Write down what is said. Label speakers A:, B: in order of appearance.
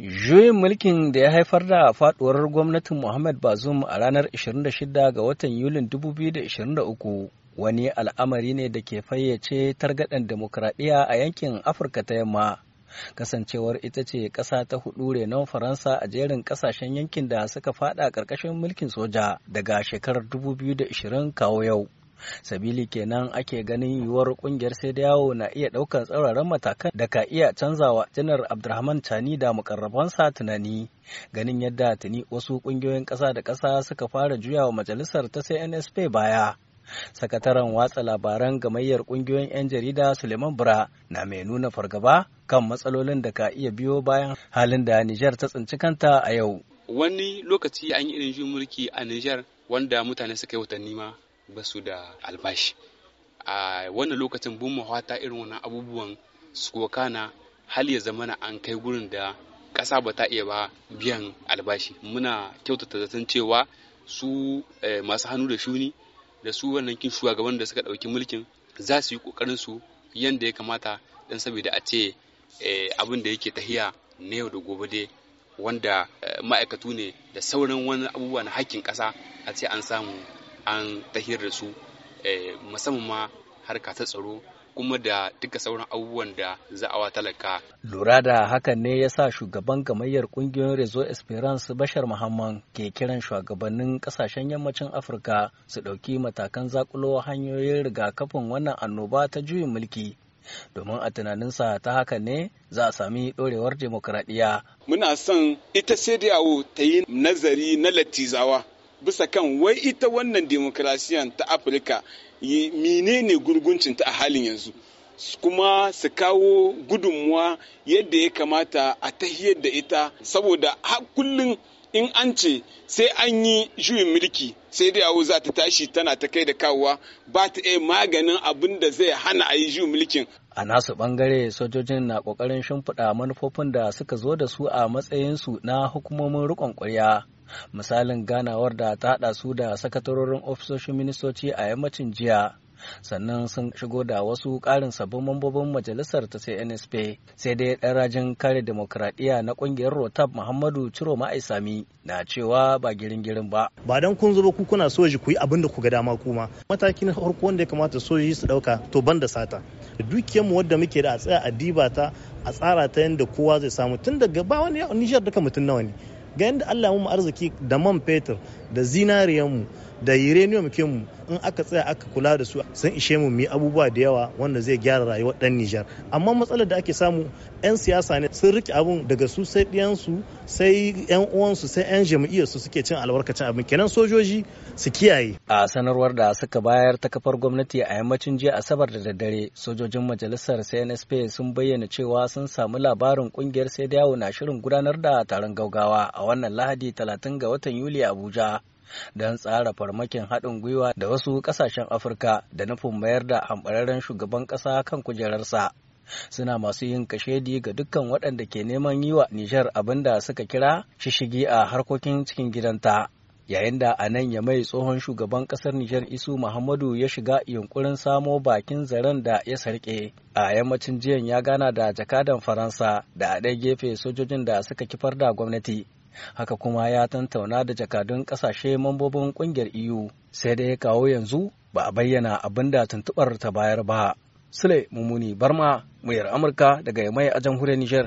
A: Juyin mulkin da ya haifar da faduwar gwamnatin Muhammad Bazoum a ranar 26 ga watan Yulin 2023 wani al'amari ne da ke fayyace targaɗin demokuraɗiyya a yankin Afirka ta yamma. Kasancewar ita ce ƙasa ta hudu renon Faransa a jerin ƙasashen yankin da suka fada ƙarƙashin mulkin soja daga shekarar 2020 kawo yau. sabili kenan ake ganin yiwuwar kungiyar sai da yawo na iya ɗaukar tsauraran matakan da ka iya canzawa janar abdulrahman cani da mukarrabansa tunani ganin yadda tuni wasu kungiyoyin ƙasa da ƙasa suka fara juya wa majalisar ta cnsp baya sakataren watsa labaran gamayyar kungiyoyin 'yan jarida suleiman bura na mai nuna fargaba kan matsalolin da ka iya biyo bayan halin da nijar ta tsinci kanta a yau
B: wani lokaci an yi irin mulki a nijar wanda mutane suka yi watanni ma ba su da albashi a wannan lokacin bin mahwata irin wannan abubuwan su na hal ya zamana an kai gurin da ƙasa ba ta iya ba biyan albashi muna kyautata zaton cewa su eh, masu hannu da shuni da su wannan kin shugaban da suka ɗauki mulkin za su yi ƙoƙarin su yadda ya kamata don saboda a ce eh, abin da yake tahiya na yau da gobe dai wanda eh, ma'aikatu ne da sauran wani abubuwa na hakkin ƙasa a ce an samu an tahir da su eh, musamman ma harka ta tsaro kuma da duka sauran abubuwan da za a talaka. Lura
A: da hakan ne ya sa shugaban gamayyar kungiyoyin Rezo Esperance Bashar Muhammad ke kiran shugabannin kasashen yammacin Afirka su ɗauki matakan zakulo hanyoyin rigakafin wannan annoba ta juyin mulki. Domin a tunaninsa ta haka ne za a sami ɗorewar demokuraɗiyya.
C: Muna son ita CDAO ta yi nazari na latizawa bisa kan wai ita wannan demokrasiyan ta afirka menene gurguncinta a halin yanzu kuma su kawo gudunmuwa yadda ya kamata a tahiyar da ita saboda har kullum in an ce sai an yi juyin mulki sai da yawo za ta tashi tana ta kai da kawowa ba ta iya maganin abin da zai hana a yi juyin mulkin.
A: A nasu bangare sojojin na kokarin shimfiɗa manufofin da suka zo da su a matsayinsu na hukumomin riƙon ƙwarya. misalin ganawar da ta hada su da sakatarorin ofisoshin ministoci a yammacin jiya sannan sun shigo da wasu ƙarin sabbin mambobin majalisar ta NSP, sai dai ɗan rajin kare demokradiyya na ƙungiyar Rotab Muhammadu Ciro Ma'aisami na cewa ba girin-girin ba.
D: Ba dan kun zo ku kuna soji ku yi abin da ku ga dama kuma mataki na farko wanda ya kamata soji su ɗauka to ban da sata dukiyanmu wadda muke da a tsaya a diba ta a tsara ta yadda kowa zai samu tun daga ba wani nishar daga mutum nawa ne ga yadda Allah mu arziki da man fetur da zinariyanmu da uranium kinmu in aka tsaya aka kula da su sun ishe mu mu abubuwa da yawa wanda zai gyara rayuwar dan Nijar amma matsalar da ake samu 'yan siyasa ne sun rike abun daga su sai ɗiyansu sai 'yan uwansu sai 'yan jam'iyyar su suke cin albarkacin abin kenan sojoji su kiyaye a sanarwar da suka bayar ta kafar gwamnati a yammacin jiya asabar da daddare sojojin
A: majalisar CNSP sun bayyana cewa sun samu labarin kungiyar sai dawo na shirin gudanar da taron gaugawa a wannan lahadi 30 ga watan Yuli Abuja don tsara farmakin haɗin gwiwa da wasu ƙasashen afirka da nufin mayar da hambararren shugaban ƙasa kan kujerarsa suna masu yin kashedi ga dukkan waɗanda ke neman yi wa nijar abin da suka kira shishigi a harkokin cikin gidanta yayin da a nan ya mai tsohon shugaban ƙasar Nijar Isu Muhammadu ya shiga yunkurin samo bakin zaren da ya sarƙe, A yammacin jiyan ya gana da jakadan Faransa da a ɗaya gefe sojojin da suka kifar da gwamnati haka kuma ya tantauna da jakadun kasashe mambobin kungiyar EU sai dai kawo yanzu ba a bayyana abin da tuntubar ta bayar ba. Sule Mumuni Barma, muyar Amurka daga Yamai a jamhuriyar Nijar.